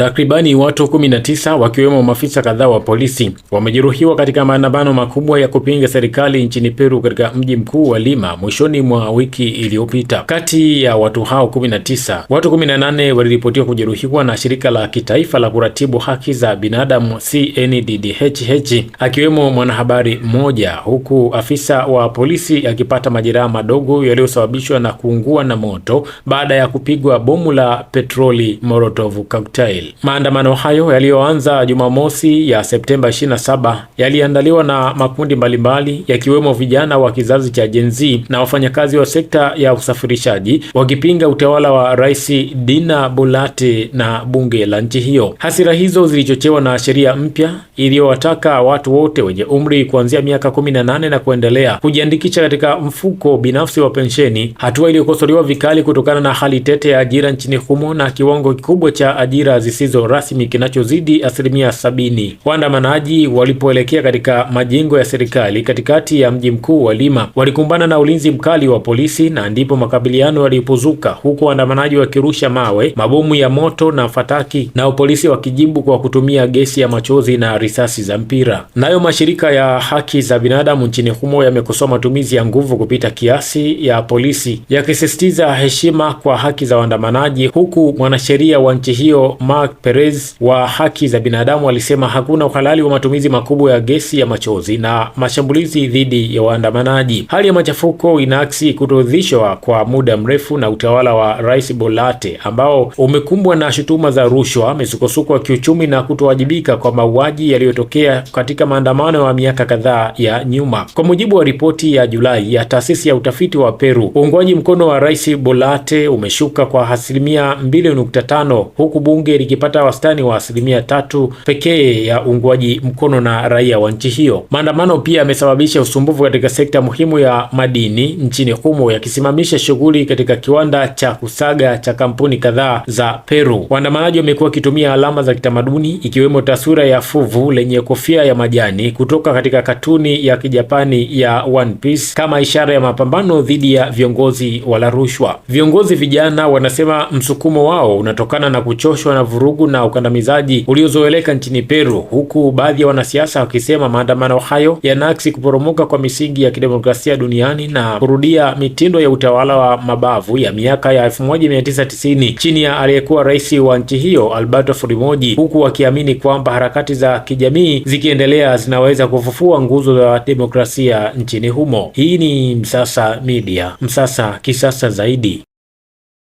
Takribani watu 19 wakiwemo maafisa kadhaa wa polisi wamejeruhiwa katika maandamano makubwa ya kupinga serikali nchini Peru katika mji mkuu wa Lima mwishoni mwa wiki iliyopita. Kati ya watu hao 19, watu 18 waliripotiwa kujeruhiwa na shirika la kitaifa la kuratibu haki za binadamu CNDDHH, akiwemo mwanahabari mmoja, huku afisa wa polisi akipata majeraha madogo yaliyosababishwa na kuungua na moto baada ya kupigwa bomu la petroli Molotov cocktail. Maandamano hayo yaliyoanza Jumamosi ya Septemba 27 yaliandaliwa na makundi mbalimbali yakiwemo vijana wa kizazi cha Gen Z na wafanyakazi wa sekta ya usafirishaji wakipinga utawala wa Rais Dina Bolate na bunge la nchi hiyo. Hasira hizo zilichochewa na sheria mpya iliyowataka watu wote wenye umri kuanzia miaka 18 na kuendelea kujiandikisha katika mfuko binafsi wa pensheni, hatua iliyokosolewa vikali kutokana na hali tete ya ajira nchini humo na kiwango kikubwa cha ajira zisi zisizo rasmi kinachozidi asilimia sabini. Waandamanaji walipoelekea katika majengo ya serikali katikati ya mji mkuu wa Lima walikumbana na ulinzi mkali wa polisi na ndipo makabiliano yalipozuka, huku waandamanaji wakirusha mawe, mabomu ya moto na fataki, na polisi wakijibu kwa kutumia gesi ya machozi na risasi za mpira. Nayo mashirika ya haki za binadamu nchini humo yamekosoa matumizi ya nguvu kupita kiasi ya polisi, yakisisitiza heshima kwa haki za waandamanaji, huku mwanasheria wa nchi hiyo ma Mark Perez wa haki za binadamu alisema hakuna uhalali wa matumizi makubwa ya gesi ya machozi na mashambulizi dhidi ya waandamanaji. Hali ya machafuko inaaksi kutoridhishwa kwa muda mrefu na utawala wa Rais Bolate ambao umekumbwa na shutuma za rushwa, misukosuko ya kiuchumi na kutowajibika kwa mauaji yaliyotokea katika maandamano ya miaka kadhaa ya nyuma. Kwa mujibu wa ripoti ya Julai ya taasisi ya utafiti wa Peru, uungwaji mkono wa Rais Bolate umeshuka kwa asilimia 2.5 huku bunge ikipata wastani wa asilimia tatu pekee ya uungwaji mkono na raia wa nchi hiyo. Maandamano pia yamesababisha usumbufu katika sekta muhimu ya madini nchini humo, yakisimamisha shughuli katika kiwanda cha kusaga cha kampuni kadhaa za Peru. Waandamanaji wamekuwa wakitumia alama za kitamaduni ikiwemo taswira ya fuvu lenye kofia ya majani kutoka katika katuni ya Kijapani ya One Piece kama ishara ya mapambano dhidi ya viongozi wala rushwa. Viongozi vijana wanasema msukumo wao unatokana na kuchoshwa na vurugu na ukandamizaji uliozoeleka nchini Peru, huku baadhi ya wanasiasa wakisema maandamano hayo yanaksi kuporomoka kwa misingi ya kidemokrasia duniani na kurudia mitindo ya utawala wa mabavu ya miaka ya 1990 chini ya aliyekuwa rais wa nchi hiyo Alberto Fujimori, huku wakiamini kwamba harakati za kijamii zikiendelea zinaweza kufufua nguzo za demokrasia nchini humo. Hii ni Msasa Media, Msasa kisasa zaidi.